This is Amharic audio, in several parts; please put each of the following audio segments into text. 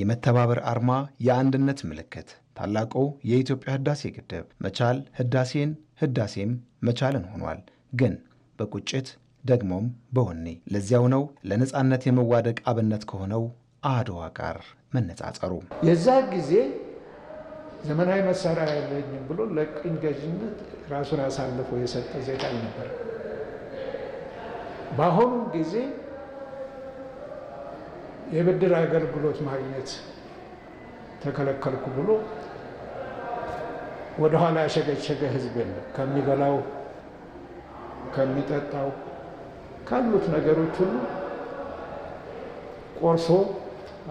የመተባበር አርማ፣ የአንድነት ምልክት፣ ታላቁ የኢትዮጵያ ህዳሴ ግድብ መቻል ህዳሴን ህዳሴም መቻልን ሆኗል። ግን በቁጭት ደግሞም በወኔ ለዚያው ነው ለነፃነት የመዋደቅ አብነት ከሆነው አድዋ ጋር መነጻጸሩ የዛ ጊዜ ዘመናዊ መሳሪያ የለኝም ብሎ ለቅኝ ገዥነት ራሱን አሳልፎ የሰጠ ዜጋ ነበር። በአሁኑ ጊዜ የብድር አገልግሎት ማግኘት ተከለከልኩ ብሎ ወደኋላ ያሸገሸገ ህዝብ የለም። ከሚበላው ከሚጠጣው ካሉት ነገሮች ሁሉ ቆርሶ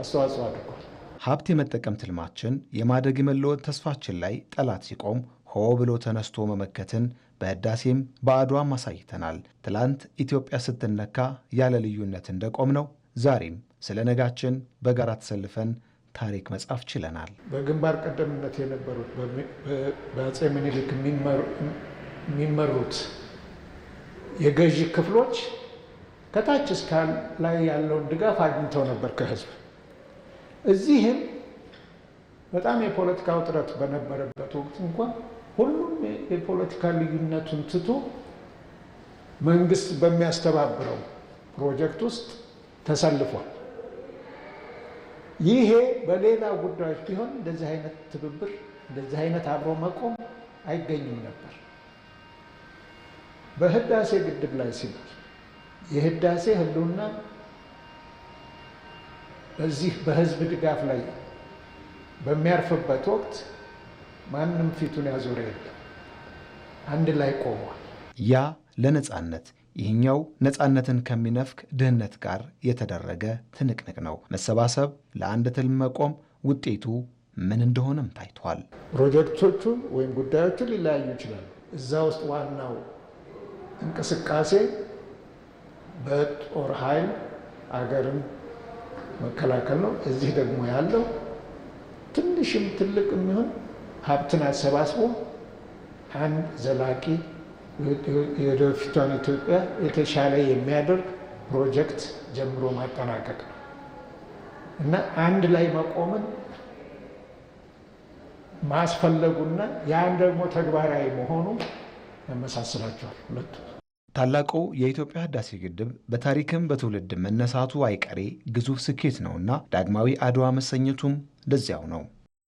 አስተዋጽኦ አድርጓል። ሀብት የመጠቀም ትልማችን የማደግ የመለወጥ ተስፋችን ላይ ጠላት ሲቆም ሆ ብሎ ተነስቶ መመከትን በህዳሴም በአድዋም አሳይተናል። ትላንት ኢትዮጵያ ስትነካ ያለ ልዩነት እንደቆም ነው ዛሬም ስለ ነጋችን በጋራ ተሰልፈን ታሪክ መጻፍ ችለናል። በግንባር ቀደምነት የነበሩት በአጼ ምኒልክ የሚመሩት የገዢ ክፍሎች ከታች እስከ ላይ ያለውን ድጋፍ አግኝተው ነበር ከህዝብ። እዚህም በጣም የፖለቲካ ውጥረት በነበረበት ወቅት እንኳን ሁሉም የፖለቲካ ልዩነቱን ትቶ መንግስት በሚያስተባብረው ፕሮጀክት ውስጥ ተሰልፏል። ይሄ በሌላ ጉዳዮች ቢሆን እንደዚህ አይነት ትብብር እንደዚህ አይነት አብሮ መቆም አይገኝም ነበር። በህዳሴ ግድብ ላይ ሲባል የህዳሴ ህልውና በዚህ በህዝብ ድጋፍ ላይ በሚያርፍበት ወቅት ማንም ፊቱን ያዞረ የለም፣ አንድ ላይ ቆሟል። ያ ለነፃነት ይህኛው ነፃነትን ከሚነፍክ ድህነት ጋር የተደረገ ትንቅንቅ ነው። መሰባሰብ ለአንድ ትልም መቆም ውጤቱ ምን እንደሆነም ታይቷል። ፕሮጀክቶቹ ወይም ጉዳዮቹ ሊለያዩ ይችላሉ። እዛ ውስጥ ዋናው እንቅስቃሴ በጦር ኃይል አገርን መከላከል ነው። እዚህ ደግሞ ያለው ትንሽም ትልቅ የሚሆን ሀብትን አሰባስቦ አንድ ዘላቂ የወደፊቷን ኢትዮጵያ የተሻለ የሚያደርግ ፕሮጀክት ጀምሮ ማጠናቀቅ ነው እና አንድ ላይ መቆምን ማስፈለጉና ያን ደግሞ ተግባራዊ መሆኑ ያመሳስላቸዋል ሁለቱ። ታላቁ የኢትዮጵያ ህዳሴ ግድብ በታሪክም በትውልድ መነሳቱ አይቀሬ ግዙፍ ስኬት ነውና ዳግማዊ አድዋ መሰኘቱም ለዚያው ነው።